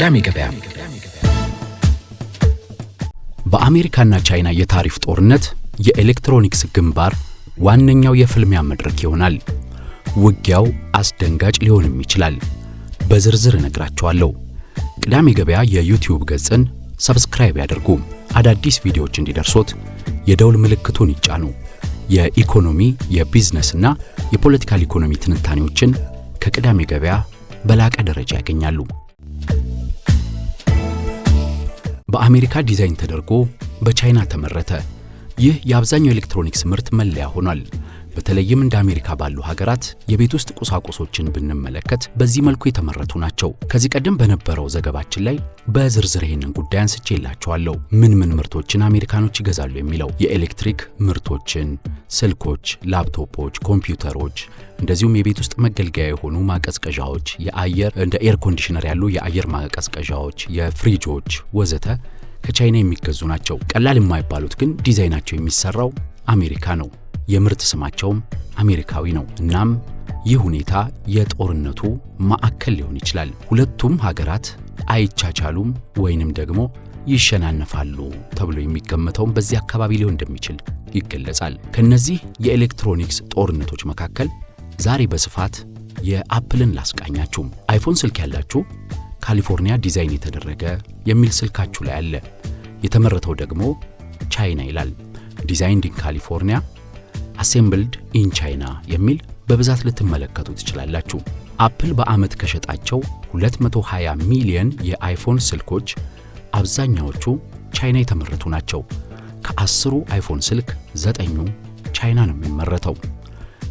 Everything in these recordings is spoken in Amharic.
ቅዳሜ ገበያ በአሜሪካና ቻይና የታሪፍ ጦርነት የኤሌክትሮኒክስ ግንባር ዋነኛው የፍልሚያ መድረክ ይሆናል። ውጊያው አስደንጋጭ ሊሆንም ይችላል። በዝርዝር እነግራችኋለሁ። ቅዳሜ ገበያ የዩቲዩብ ገጽን ሰብስክራይብ ያደርጉ፣ አዳዲስ ቪዲዮዎች እንዲደርሶት የደውል ምልክቱን ይጫኑ። የኢኮኖሚ የቢዝነስና የፖለቲካል ኢኮኖሚ ትንታኔዎችን ከቅዳሜ ገበያ በላቀ ደረጃ ያገኛሉ። በአሜሪካ ዲዛይን ተደርጎ በቻይና ተመረተ። ይህ የአብዛኛው ኤሌክትሮኒክስ ምርት መለያ ሆኗል። በተለይም እንደ አሜሪካ ባሉ ሀገራት የቤት ውስጥ ቁሳቁሶችን ብንመለከት በዚህ መልኩ የተመረቱ ናቸው። ከዚህ ቀደም በነበረው ዘገባችን ላይ በዝርዝር ይህንን ጉዳይ አንስቼላችኋለሁ። ምን ምን ምርቶችን አሜሪካኖች ይገዛሉ የሚለው የኤሌክትሪክ ምርቶችን፣ ስልኮች፣ ላፕቶፖች፣ ኮምፒውተሮች እንደዚሁም የቤት ውስጥ መገልገያ የሆኑ ማቀዝቀዣዎች፣ የአየር እንደ ኤር ኮንዲሽነር ያሉ የአየር ማቀዝቀዣዎች፣ የፍሪጆች ወዘተ ከቻይና የሚገዙ ናቸው። ቀላል የማይባሉት ግን ዲዛይናቸው የሚሰራው አሜሪካ ነው። የምርት ስማቸውም አሜሪካዊ ነው። እናም ይህ ሁኔታ የጦርነቱ ማዕከል ሊሆን ይችላል። ሁለቱም ሀገራት አይቻቻሉም ወይንም ደግሞ ይሸናነፋሉ ተብሎ የሚገመተውም በዚህ አካባቢ ሊሆን እንደሚችል ይገለጻል። ከነዚህ የኤሌክትሮኒክስ ጦርነቶች መካከል ዛሬ በስፋት የአፕልን ላስቃኛችሁ። አይፎን ስልክ ያላችሁ ካሊፎርኒያ ዲዛይን የተደረገ የሚል ስልካችሁ ላይ አለ። የተመረተው ደግሞ ቻይና ይላል። ዲዛይንድ ኢን ካሊፎርኒያ አሴምብልድ ኢን ቻይና የሚል በብዛት ልትመለከቱ ትችላላችሁ። አፕል በዓመት ከሸጣቸው 220 ሚሊዮን የአይፎን ስልኮች አብዛኛዎቹ ቻይና የተመረቱ ናቸው። ከአስሩ አይፎን ስልክ ዘጠኙ ቻይና ነው የሚመረተው።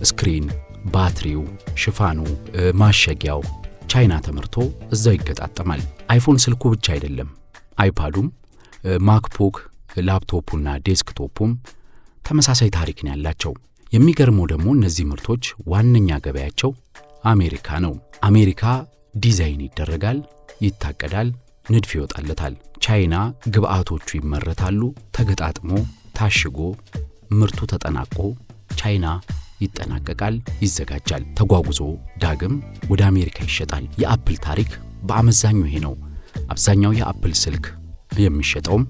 ስክሪን፣ ባትሪው፣ ሽፋኑ፣ ማሸጊያው ቻይና ተመርቶ እዛው ይገጣጠማል። አይፎን ስልኩ ብቻ አይደለም፣ አይፓዱም፣ ማክቡክ፣ ላፕቶፑና ዴስክቶፑም ተመሳሳይ ታሪክ ነው ያላቸው። የሚገርመው ደግሞ እነዚህ ምርቶች ዋነኛ ገበያቸው አሜሪካ ነው። አሜሪካ ዲዛይን ይደረጋል፣ ይታቀዳል፣ ንድፍ ይወጣለታል። ቻይና ግብአቶቹ ይመረታሉ፣ ተገጣጥሞ ታሽጎ ምርቱ ተጠናቆ ቻይና ይጠናቀቃል፣ ይዘጋጃል፣ ተጓጉዞ ዳግም ወደ አሜሪካ ይሸጣል። የአፕል ታሪክ በአመዛኙ ይሄ ነው። አብዛኛው የአፕል ስልክ የሚሸጠውም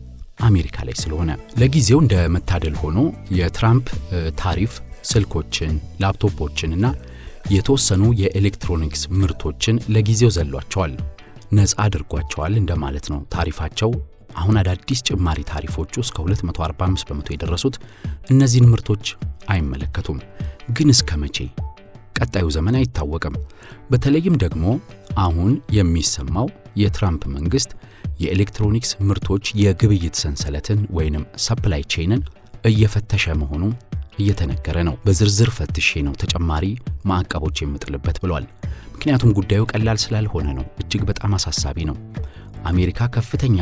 አሜሪካ ላይ ስለሆነ ለጊዜው እንደ መታደል ሆኖ የትራምፕ ታሪፍ ስልኮችን፣ ላፕቶፖችን እና የተወሰኑ የኤሌክትሮኒክስ ምርቶችን ለጊዜው ዘሏቸዋል። ነፃ አድርጓቸዋል እንደማለት ነው። ታሪፋቸው አሁን አዳዲስ ጭማሪ ታሪፎቹ እስከ 245 በመቶ የደረሱት እነዚህን ምርቶች አይመለከቱም። ግን እስከ መቼ ቀጣዩ ዘመን አይታወቅም። በተለይም ደግሞ አሁን የሚሰማው የትራምፕ መንግስት የኤሌክትሮኒክስ ምርቶች የግብይት ሰንሰለትን ወይንም ሰፕላይ ቼንን እየፈተሸ መሆኑ እየተነገረ ነው። በዝርዝር ፈትሼ ነው ተጨማሪ ማዕቀቦች የምጥልበት ብሏል። ምክንያቱም ጉዳዩ ቀላል ስላልሆነ ነው። እጅግ በጣም አሳሳቢ ነው። አሜሪካ ከፍተኛ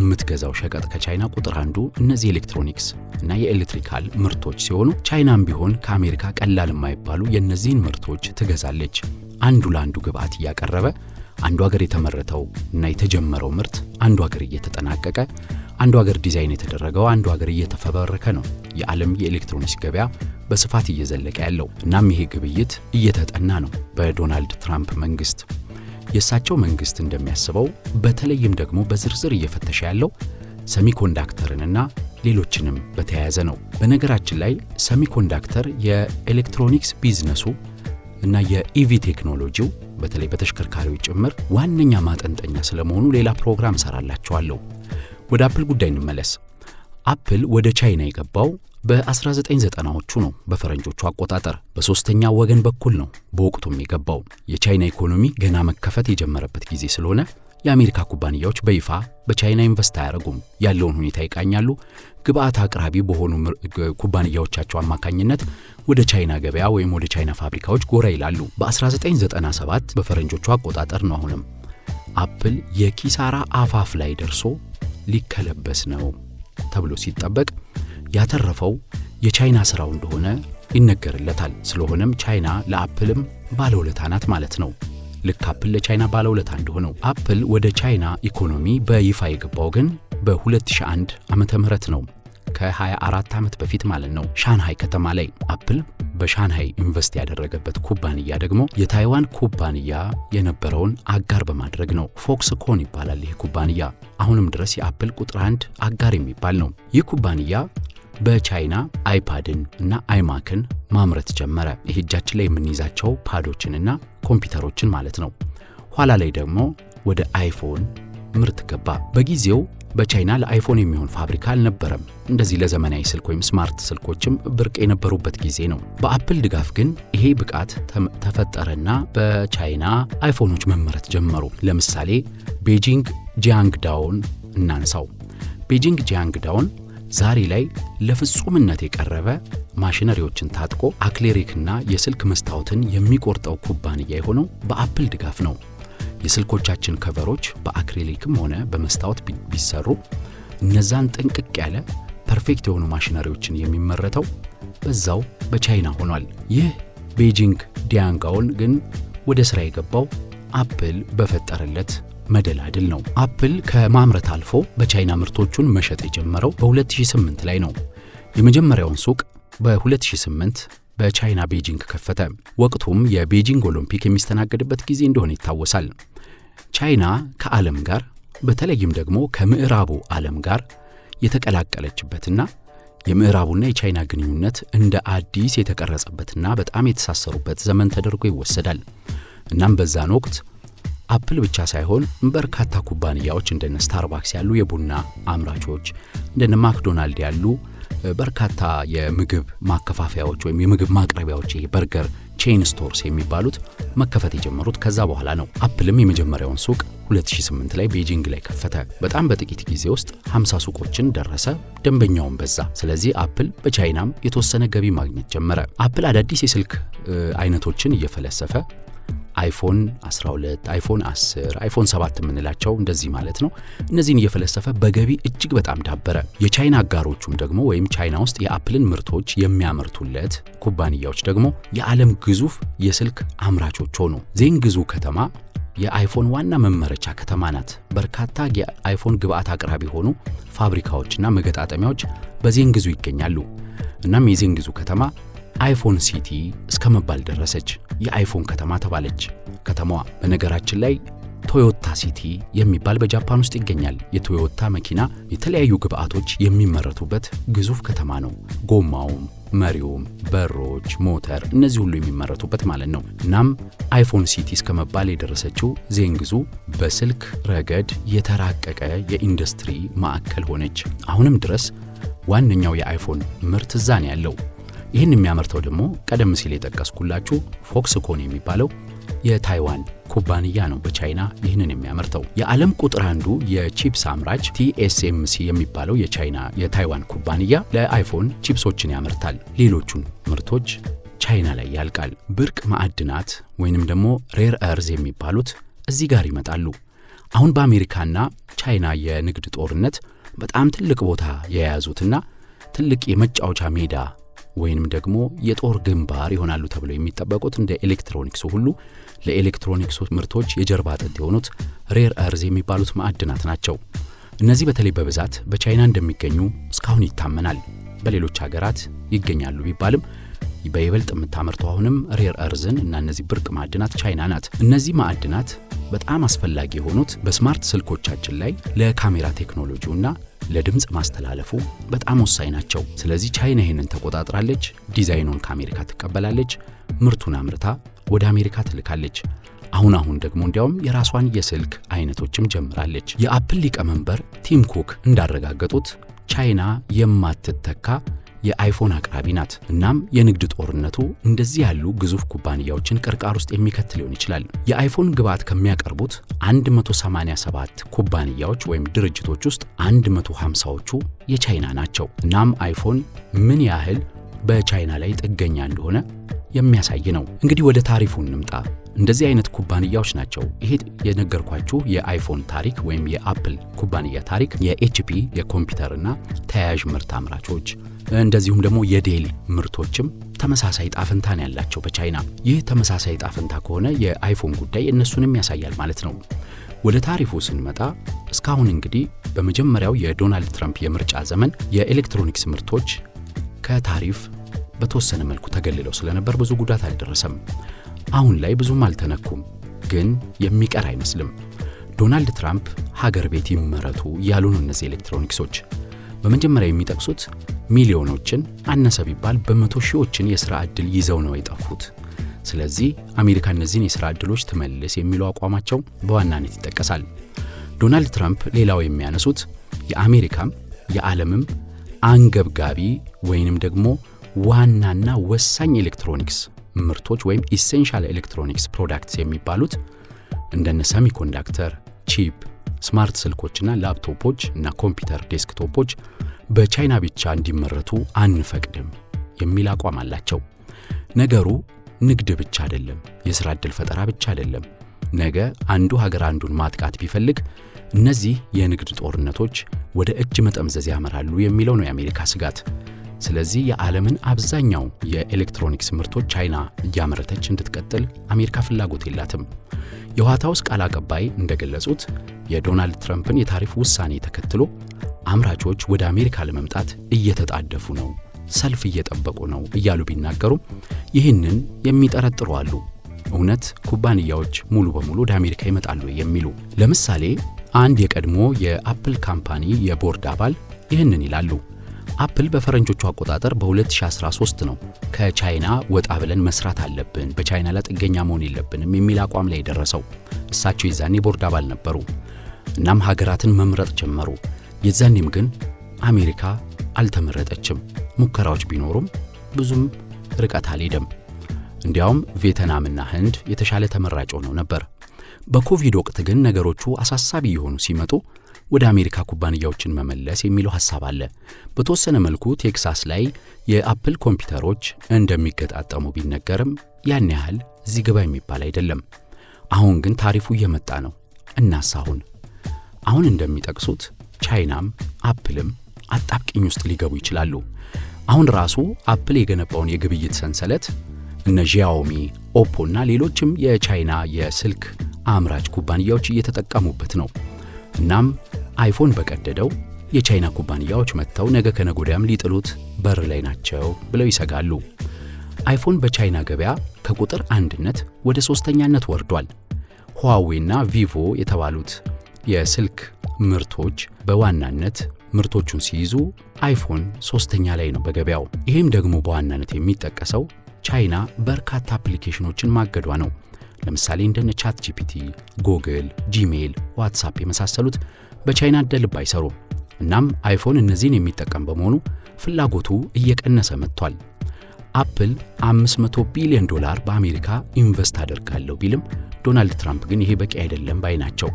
የምትገዛው ሸቀጥ ከቻይና ቁጥር አንዱ እነዚህ ኤሌክትሮኒክስ እና የኤሌክትሪካል ምርቶች ሲሆኑ ቻይናም ቢሆን ከአሜሪካ ቀላል የማይባሉ የእነዚህን ምርቶች ትገዛለች። አንዱ ለአንዱ ግብዓት እያቀረበ አንዱ ሀገር የተመረተው እና የተጀመረው ምርት አንዱ ሀገር እየተጠናቀቀ አንዱ ሀገር ዲዛይን የተደረገው አንዱ ሀገር እየተፈበረከ ነው የዓለም የኤሌክትሮኒክስ ገበያ በስፋት እየዘለቀ ያለው። እናም ይሄ ግብይት እየተጠና ነው በዶናልድ ትራምፕ መንግስት። የእሳቸው መንግስት እንደሚያስበው በተለይም ደግሞ በዝርዝር እየፈተሸ ያለው ሰሚኮንዳክተርንና ሌሎችንም በተያያዘ ነው። በነገራችን ላይ ሰሚኮንዳክተር የኤሌክትሮኒክስ ቢዝነሱ እና የኢቪ ቴክኖሎጂው በተለይ በተሽከርካሪዎች ጭምር ዋነኛ ማጠንጠኛ ስለመሆኑ ሌላ ፕሮግራም እሰራላችኋለሁ። ወደ አፕል ጉዳይ እንመለስ። አፕል ወደ ቻይና የገባው በ1990ዎቹ ነው፣ በፈረንጆቹ አቆጣጠር በሦስተኛ ወገን በኩል ነው። በወቅቱም የገባው የቻይና ኢኮኖሚ ገና መከፈት የጀመረበት ጊዜ ስለሆነ የአሜሪካ ኩባንያዎች በይፋ በቻይና ኢንቨስት አያደርጉም ያለውን ሁኔታ ይቃኛሉ። ግብአት አቅራቢ በሆኑ ኩባንያዎቻቸው አማካኝነት ወደ ቻይና ገበያ ወይም ወደ ቻይና ፋብሪካዎች ጎራ ይላሉ። በ1997 በፈረንጆቹ አቆጣጠር ነው። አሁንም አፕል የኪሳራ አፋፍ ላይ ደርሶ ሊከለበስ ነው ተብሎ ሲጠበቅ ያተረፈው የቻይና ስራው እንደሆነ ይነገርለታል። ስለሆነም ቻይና ለአፕልም ባለውለታ ናት ማለት ነው። ልክ አፕል ለቻይና ባለውለታ እንደሆነው አፕል ወደ ቻይና ኢኮኖሚ በይፋ የገባው ግን በ2001 ዓመተ ምህረት ነው። ከ24 ዓመት በፊት ማለት ነው። ሻንሃይ ከተማ ላይ አፕል በሻንሃይ ኢንቨስት ያደረገበት ኩባንያ ደግሞ የታይዋን ኩባንያ የነበረውን አጋር በማድረግ ነው። ፎክስ ኮን ይባላል ይህ ኩባንያ። አሁንም ድረስ የአፕል ቁጥር አንድ አጋር የሚባል ነው። ይህ ኩባንያ በቻይና አይፓድን እና አይማክን ማምረት ጀመረ። ይህ እጃችን ላይ የምንይዛቸው ፓዶችንና ኮምፒውተሮችን ማለት ነው። ኋላ ላይ ደግሞ ወደ አይፎን ምርት ገባ። በጊዜው በቻይና ለአይፎን የሚሆን ፋብሪካ አልነበረም። እንደዚህ ለዘመናዊ ስልክ ወይም ስማርት ስልኮችም ብርቅ የነበሩበት ጊዜ ነው። በአፕል ድጋፍ ግን ይሄ ብቃት ተፈጠረና በቻይና አይፎኖች መመረት ጀመሩ። ለምሳሌ ቤጂንግ ዳውን እናንሳው። ቤጂንግ ዳውን። ዛሬ ላይ ለፍጹምነት የቀረበ ማሽነሪዎችን ታጥቆ አክሌሪክና የስልክ መስታወትን የሚቆርጠው ኩባንያ የሆነው በአፕል ድጋፍ ነው። የስልኮቻችን ከቨሮች በአክሬሊክም ሆነ በመስታወት ቢሰሩ እነዛን ጥንቅቅ ያለ ፐርፌክት የሆኑ ማሽነሪዎችን የሚመረተው በዛው በቻይና ሆኗል። ይህ ቤጂንግ ዲያንጋውን ግን ወደ ስራ የገባው አፕል በፈጠረለት መደላድል ነው። አፕል ከማምረት አልፎ በቻይና ምርቶቹን መሸጥ የጀመረው በ2008 ላይ ነው። የመጀመሪያውን ሱቅ በ2008 በቻይና ቤጂንግ ከፈተ። ወቅቱም የቤጂንግ ኦሎምፒክ የሚስተናገድበት ጊዜ እንደሆነ ይታወሳል። ቻይና ከዓለም ጋር በተለይም ደግሞ ከምዕራቡ ዓለም ጋር የተቀላቀለችበትና የምዕራቡና የቻይና ግንኙነት እንደ አዲስ የተቀረጸበትና በጣም የተሳሰሩበት ዘመን ተደርጎ ይወሰዳል። እናም በዛን ወቅት አፕል ብቻ ሳይሆን በርካታ ኩባንያዎች እንደነ ስታርባክስ ያሉ የቡና አምራቾች፣ እንደነ ማክዶናልድ ያሉ በርካታ የምግብ ማከፋፈያዎች ወይም የምግብ ማቅረቢያዎች በርገር ቼን ስቶርስ የሚባሉት መከፈት የጀመሩት ከዛ በኋላ ነው። አፕልም የመጀመሪያውን ሱቅ 2008 ላይ ቤጂንግ ላይ ከፈተ። በጣም በጥቂት ጊዜ ውስጥ 50 ሱቆችን ደረሰ፣ ደንበኛውን በዛ። ስለዚህ አፕል በቻይናም የተወሰነ ገቢ ማግኘት ጀመረ። አፕል አዳዲስ የስልክ አይነቶችን እየፈለሰፈ አይፎን 12 አይፎን 10 አይፎን 7 የምንላቸው እንደዚህ ማለት ነው። እነዚህን እየፈለሰፈ በገቢ እጅግ በጣም ዳበረ። የቻይና አጋሮቹም ደግሞ ወይም ቻይና ውስጥ የአፕልን ምርቶች የሚያመርቱለት ኩባንያዎች ደግሞ የዓለም ግዙፍ የስልክ አምራቾች ሆኑ። ዜንግዙ ከተማ የአይፎን ዋና መመረቻ ከተማ ናት። በርካታ የአይፎን ግብአት አቅራቢ ሆኑ ፋብሪካዎችና መገጣጠሚያዎች በዜንግዙ ይገኛሉ። እናም የዜንግዙ ከተማ አይፎን ሲቲ እስከ መባል ደረሰች። የአይፎን ከተማ ተባለች ከተማዋ። በነገራችን ላይ ቶዮታ ሲቲ የሚባል በጃፓን ውስጥ ይገኛል። የቶዮታ መኪና የተለያዩ ግብአቶች የሚመረቱበት ግዙፍ ከተማ ነው። ጎማውም፣ መሪውም፣ በሮች፣ ሞተር እነዚህ ሁሉ የሚመረቱበት ማለት ነው። እናም አይፎን ሲቲ እስከ መባል የደረሰችው ዜንግዙ በስልክ ረገድ የተራቀቀ የኢንዱስትሪ ማዕከል ሆነች። አሁንም ድረስ ዋነኛው የአይፎን ምርት እዛ ነው ያለው። ይህን የሚያመርተው ደግሞ ቀደም ሲል የጠቀስኩላችሁ ፎክስኮን የሚባለው የታይዋን ኩባንያ ነው። በቻይና ይህንን የሚያመርተው የዓለም ቁጥር አንዱ የቺፕስ አምራች ቲኤስኤምሲ የሚባለው የቻይና የታይዋን ኩባንያ ለአይፎን ቺፕሶችን ያመርታል። ሌሎቹን ምርቶች ቻይና ላይ ያልቃል። ብርቅ ማዕድናት ወይንም ደግሞ ሬር እርዝ የሚባሉት እዚህ ጋር ይመጣሉ። አሁን በአሜሪካና ቻይና የንግድ ጦርነት በጣም ትልቅ ቦታ የያዙትና ትልቅ የመጫወቻ ሜዳ ወይንም ደግሞ የጦር ግንባር ይሆናሉ ተብለው የሚጠበቁት እንደ ኤሌክትሮኒክሱ ሁሉ ለኤሌክትሮኒክሱ ምርቶች የጀርባ አጥንት የሆኑት ሬር እርዝ የሚባሉት ማዕድናት ናቸው። እነዚህ በተለይ በብዛት በቻይና እንደሚገኙ እስካሁን ይታመናል። በሌሎች ሀገራት ይገኛሉ ቢባልም በይበልጥ የምታመርተው አሁንም ሬር እርዝን እና እነዚህ ብርቅ ማዕድናት ቻይና ናት። እነዚህ ማዕድናት በጣም አስፈላጊ የሆኑት በስማርት ስልኮቻችን ላይ ለካሜራ ቴክኖሎጂው እና ለድምፅ ማስተላለፉ በጣም ወሳኝ ናቸው። ስለዚህ ቻይና ይህንን ተቆጣጥራለች። ዲዛይኑን ከአሜሪካ ትቀበላለች፣ ምርቱን አምርታ ወደ አሜሪካ ትልካለች። አሁን አሁን ደግሞ እንዲያውም የራሷን የስልክ አይነቶችም ጀምራለች። የአፕል ሊቀመንበር ቲም ኩክ እንዳረጋገጡት ቻይና የማትተካ የአይፎን አቅራቢ ናት። እናም የንግድ ጦርነቱ እንደዚህ ያሉ ግዙፍ ኩባንያዎችን ቅርቃር ውስጥ የሚከት ሊሆን ይችላል። የአይፎን ግብዓት ከሚያቀርቡት 187 ኩባንያዎች ወይም ድርጅቶች ውስጥ 150ዎቹ የቻይና ናቸው። እናም አይፎን ምን ያህል በቻይና ላይ ጥገኛ እንደሆነ የሚያሳይ ነው። እንግዲህ ወደ ታሪፉ እንምጣ። እንደዚህ አይነት ኩባንያዎች ናቸው። ይሄ የነገርኳችሁ የአይፎን ታሪክ ወይም የአፕል ኩባንያ ታሪክ የኤችፒ የኮምፒውተር እና ተያያዥ ምርት አምራቾች እንደዚሁም ደግሞ የዴል ምርቶችም ተመሳሳይ ጣፍንታ ያላቸው በቻይና። ይህ ተመሳሳይ ጣፍንታ ከሆነ የአይፎን ጉዳይ እነሱንም ያሳያል ማለት ነው። ወደ ታሪፉ ስንመጣ እስካሁን እንግዲህ በመጀመሪያው የዶናልድ ትራምፕ የምርጫ ዘመን የኤሌክትሮኒክስ ምርቶች ከታሪፍ በተወሰነ መልኩ ተገልለው ስለነበር ብዙ ጉዳት አልደረሰም። አሁን ላይ ብዙም አልተነኩም፣ ግን የሚቀር አይመስልም። ዶናልድ ትራምፕ ሀገር ቤት ይመረቱ ያሉ ነው እነዚህ ኤሌክትሮኒክሶች። በመጀመሪያ የሚጠቅሱት ሚሊዮኖችን አነሰ ቢባል በመቶ ሺዎችን የሥራ ዕድል ይዘው ነው የጠፉት። ስለዚህ አሜሪካ እነዚህን የሥራ ዕድሎች ትመልስ የሚለው አቋማቸው በዋናነት ይጠቀሳል። ዶናልድ ትራምፕ ሌላው የሚያነሱት የአሜሪካም የዓለምም አንገብጋቢ ወይንም ደግሞ ዋናና ወሳኝ ኤሌክትሮኒክስ ምርቶች ወይም ኢሴንሻል ኤሌክትሮኒክስ ፕሮዳክትስ የሚባሉት እንደነ ሰሚኮንዳክተር፣ ቺፕ፣ ስማርት ስልኮችና ላፕቶፖች እና ኮምፒውተር ዴስክቶፖች በቻይና ብቻ እንዲመረቱ አንፈቅድም የሚል አቋም አላቸው። ነገሩ ንግድ ብቻ አይደለም፣ የሥራ ዕድል ፈጠራ ብቻ አይደለም። ነገ አንዱ ሀገር አንዱን ማጥቃት ቢፈልግ እነዚህ የንግድ ጦርነቶች ወደ እጅ መጠምዘዝ ያመራሉ የሚለው ነው የአሜሪካ ስጋት። ስለዚህ የዓለምን አብዛኛው የኤሌክትሮኒክስ ምርቶች ቻይና እያመረተች እንድትቀጥል አሜሪካ ፍላጎት የላትም። የዋይት ሀውስ ቃል አቀባይ እንደገለጹት የዶናልድ ትራምፕን የታሪፍ ውሳኔ ተከትሎ አምራቾች ወደ አሜሪካ ለመምጣት እየተጣደፉ ነው፣ ሰልፍ እየጠበቁ ነው እያሉ ቢናገሩም ይህንን የሚጠረጥሩ አሉ። እውነት ኩባንያዎች ሙሉ በሙሉ ወደ አሜሪካ ይመጣሉ የሚሉ ለምሳሌ አንድ የቀድሞ የአፕል ካምፓኒ የቦርድ አባል ይህንን ይላሉ። አፕል በፈረንጆቹ አቆጣጠር በ2013 ነው ከቻይና ወጣ ብለን መስራት አለብን፣ በቻይና ላይ ጥገኛ መሆን የለብንም የሚል አቋም ላይ የደረሰው። እሳቸው የዛኔ ቦርድ አባል ነበሩ። እናም ሀገራትን መምረጥ ጀመሩ። የዛኔም ግን አሜሪካ አልተመረጠችም። ሙከራዎች ቢኖሩም ብዙም ርቀት አልሄደም። እንዲያውም ቬትናምና ህንድ የተሻለ ተመራጭ ሆነው ነበር። በኮቪድ ወቅት ግን ነገሮቹ አሳሳቢ የሆኑ ሲመጡ ወደ አሜሪካ ኩባንያዎችን መመለስ የሚለው ሐሳብ አለ። በተወሰነ መልኩ ቴክሳስ ላይ የአፕል ኮምፒውተሮች እንደሚገጣጠሙ ቢነገርም ያን ያህል እዚህ ግባ የሚባል አይደለም። አሁን ግን ታሪፉ እየመጣ ነው። እናስ አሁን አሁን እንደሚጠቅሱት ቻይናም አፕልም አጣብቂኝ ውስጥ ሊገቡ ይችላሉ። አሁን ራሱ አፕል የገነባውን የግብይት ሰንሰለት እነ ዣኦሚ፣ ኦፖ እና ሌሎችም የቻይና የስልክ አምራች ኩባንያዎች እየተጠቀሙበት ነው። እናም አይፎን በቀደደው የቻይና ኩባንያዎች መጥተው ነገ ከነጎዳያም ሊጥሉት በር ላይ ናቸው ብለው ይሰጋሉ። አይፎን በቻይና ገበያ ከቁጥር አንድነት ወደ ሶስተኛነት ወርዷል። ሁዋዌና ቪቮ የተባሉት የስልክ ምርቶች በዋናነት ምርቶቹን ሲይዙ አይፎን ሶስተኛ ላይ ነው በገበያው። ይህም ደግሞ በዋናነት የሚጠቀሰው ቻይና በርካታ አፕሊኬሽኖችን ማገዷ ነው። ለምሳሌ እንደነ ቻት ጂፒቲ፣ ጉግል፣ ጂሜይል፣ ዋትሳፕ የመሳሰሉት በቻይና ደልብ አይሰሩም። እናም አይፎን እነዚህን የሚጠቀም በመሆኑ ፍላጎቱ እየቀነሰ መጥቷል። አፕል 500 ቢሊዮን ዶላር በአሜሪካ ኢንቨስት አደርጋለሁ ቢልም ዶናልድ ትራምፕ ግን ይሄ በቂ አይደለም ባይ ናቸው።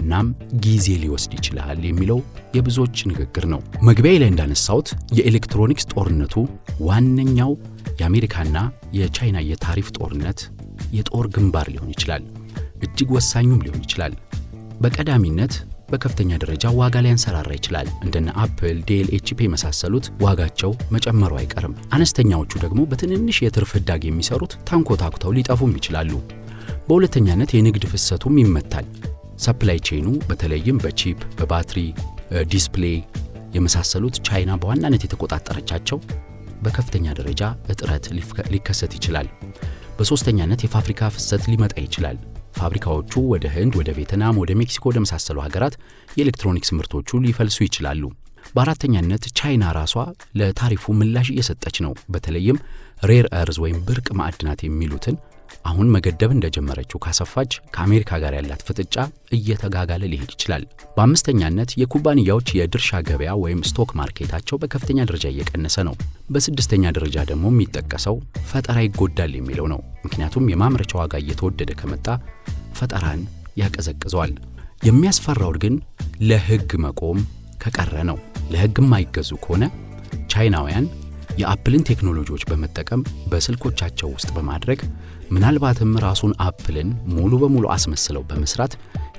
እናም ጊዜ ሊወስድ ይችላል የሚለው የብዙዎች ንግግር ነው። መግቢያ ላይ እንዳነሳሁት የኤሌክትሮኒክስ ጦርነቱ ዋነኛው የአሜሪካና የቻይና የታሪፍ ጦርነት የጦር ግንባር ሊሆን ይችላል፣ እጅግ ወሳኙም ሊሆን ይችላል። በቀዳሚነት በከፍተኛ ደረጃ ዋጋ ላይ አንሰራራ ይችላል። እንደነ አፕል፣ ዴል፣ ኤችፒ የመሳሰሉት ዋጋቸው መጨመሩ አይቀርም። አነስተኛዎቹ ደግሞ በትንንሽ የትርፍ ህዳግ የሚሰሩት ታንኮታኩተው ሊጠፉም ይችላሉ። በሁለተኛነት የንግድ ፍሰቱም ይመታል። ሰፕላይ ቼኑ በተለይም በቺፕ፣ በባትሪ፣ ዲስፕሌይ የመሳሰሉት ቻይና በዋናነት የተቆጣጠረቻቸው በከፍተኛ ደረጃ እጥረት ሊከሰት ይችላል። በሶስተኛነት የፋብሪካ ፍሰት ሊመጣ ይችላል። ፋብሪካዎቹ ወደ ህንድ፣ ወደ ቬትናም፣ ወደ ሜክሲኮ ወደ መሳሰሉ ሀገራት የኤሌክትሮኒክስ ምርቶቹ ሊፈልሱ ይችላሉ። በአራተኛነት ቻይና ራሷ ለታሪፉ ምላሽ እየሰጠች ነው። በተለይም ሬር እርዝ ወይም ብርቅ ማዕድናት የሚሉትን አሁን መገደብ እንደጀመረችው ካሰፋች ከአሜሪካ ጋር ያላት ፍጥጫ እየተጋጋለ ሊሄድ ይችላል። በአምስተኛነት የኩባንያዎች የድርሻ ገበያ ወይም ስቶክ ማርኬታቸው በከፍተኛ ደረጃ እየቀነሰ ነው። በስድስተኛ ደረጃ ደግሞ የሚጠቀሰው ፈጠራ ይጎዳል የሚለው ነው። ምክንያቱም የማምረቻ ዋጋ እየተወደደ ከመጣ ፈጠራን ያቀዘቅዘዋል። የሚያስፈራው ግን ለህግ መቆም ከቀረ ነው። ለህግ የማይገዙ ከሆነ ቻይናውያን የአፕልን ቴክኖሎጂዎች በመጠቀም በስልኮቻቸው ውስጥ በማድረግ ምናልባትም ራሱን አፕልን ሙሉ በሙሉ አስመስለው በመስራት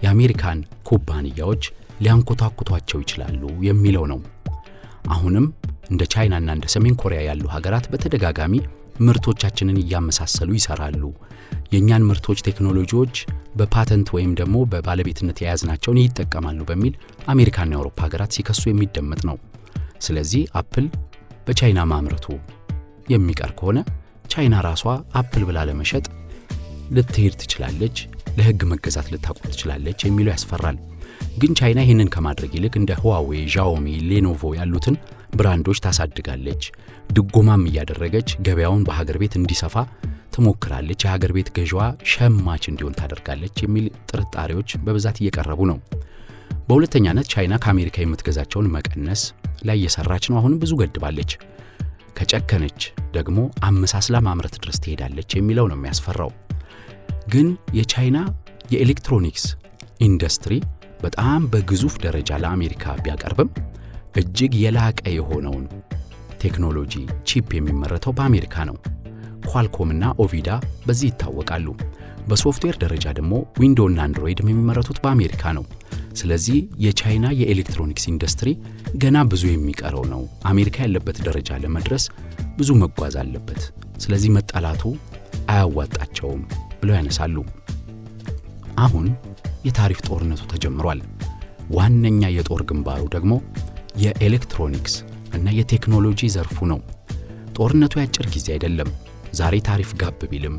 የአሜሪካን ኩባንያዎች ሊያንኮታኩቷቸው ይችላሉ የሚለው ነው። አሁንም እንደ ቻይናና እንደ ሰሜን ኮሪያ ያሉ ሀገራት በተደጋጋሚ ምርቶቻችንን እያመሳሰሉ ይሰራሉ። የእኛን ምርቶች ቴክኖሎጂዎች በፓተንት ወይም ደግሞ በባለቤትነት የያዝናቸውን ይጠቀማሉ በሚል አሜሪካና የአውሮፓ ሀገራት ሲከሱ የሚደመጥ ነው። ስለዚህ አፕል በቻይና ማምረቱ የሚቀር ከሆነ ቻይና ራሷ አፕል ብላ ለመሸጥ ልትሄድ ትችላለች፣ ለህግ መገዛት ልታቆም ትችላለች የሚለው ያስፈራል። ግን ቻይና ይህንን ከማድረግ ይልቅ እንደ ህዋዌ፣ ዣኦሚ፣ ሌኖቮ ያሉትን ብራንዶች ታሳድጋለች። ድጎማም እያደረገች ገበያውን በሀገር ቤት እንዲሰፋ ትሞክራለች። የሀገር ቤት ገዥዋ ሸማች እንዲሆን ታደርጋለች የሚል ጥርጣሬዎች በብዛት እየቀረቡ ነው። በሁለተኛነት ቻይና ከአሜሪካ የምትገዛቸውን መቀነስ ላይ እየሰራች ነው። አሁንም ብዙ ገድባለች። ከጨከነች ደግሞ አመሳስላ ማምረት ድረስ ትሄዳለች የሚለው ነው የሚያስፈራው። ግን የቻይና የኤሌክትሮኒክስ ኢንዱስትሪ በጣም በግዙፍ ደረጃ ለአሜሪካ ቢያቀርብም እጅግ የላቀ የሆነውን ቴክኖሎጂ ቺፕ የሚመረተው በአሜሪካ ነው። ኳልኮም እና ኦቪዳ በዚህ ይታወቃሉ። በሶፍትዌር ደረጃ ደግሞ ዊንዶ እና አንድሮይድ የሚመረቱት በአሜሪካ ነው። ስለዚህ የቻይና የኤሌክትሮኒክስ ኢንዱስትሪ ገና ብዙ የሚቀረው ነው። አሜሪካ ያለበት ደረጃ ለመድረስ ብዙ መጓዝ አለበት። ስለዚህ መጣላቱ አያዋጣቸውም ብለው ያነሳሉ። አሁን የታሪፍ ጦርነቱ ተጀምሯል። ዋነኛ የጦር ግንባሩ ደግሞ የኤሌክትሮኒክስ እና የቴክኖሎጂ ዘርፉ ነው። ጦርነቱ ያጭር ጊዜ አይደለም። ዛሬ ታሪፍ ጋብ ቢልም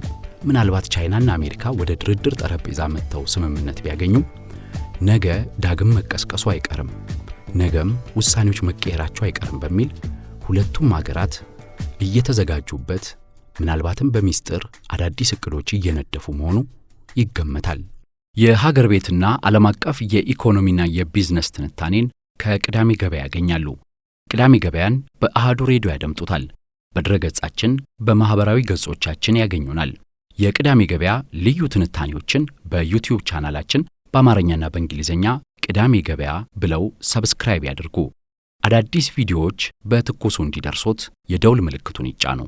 ምናልባት ቻይናና አሜሪካ ወደ ድርድር ጠረጴዛ መጥተው ስምምነት ቢያገኙም ነገ ዳግም መቀስቀሱ አይቀርም፣ ነገም ውሳኔዎች መቀየራቸው አይቀርም በሚል ሁለቱም አገራት እየተዘጋጁበት ምናልባትም በሚስጥር አዳዲስ እቅዶች እየነደፉ መሆኑ ይገመታል። የሀገር ቤትና ዓለም አቀፍ የኢኮኖሚና የቢዝነስ ትንታኔን ከቅዳሜ ገበያ ያገኛሉ። ቅዳሜ ገበያን በአህዱ ሬዲዮ ያደምጡታል። ገጻችን፣ በማኅበራዊ ገጾቻችን ያገኙናል። የቅዳሜ ገበያ ልዩ ትንታኔዎችን በዩቲዩብ ቻናላችን በአማርኛና በእንግሊዝኛ ቅዳሜ ገበያ ብለው ሰብስክራይብ ያድርጉ። አዳዲስ ቪዲዮዎች በትኩሱ እንዲደርሶት የደውል ምልክቱን ይጫኑ።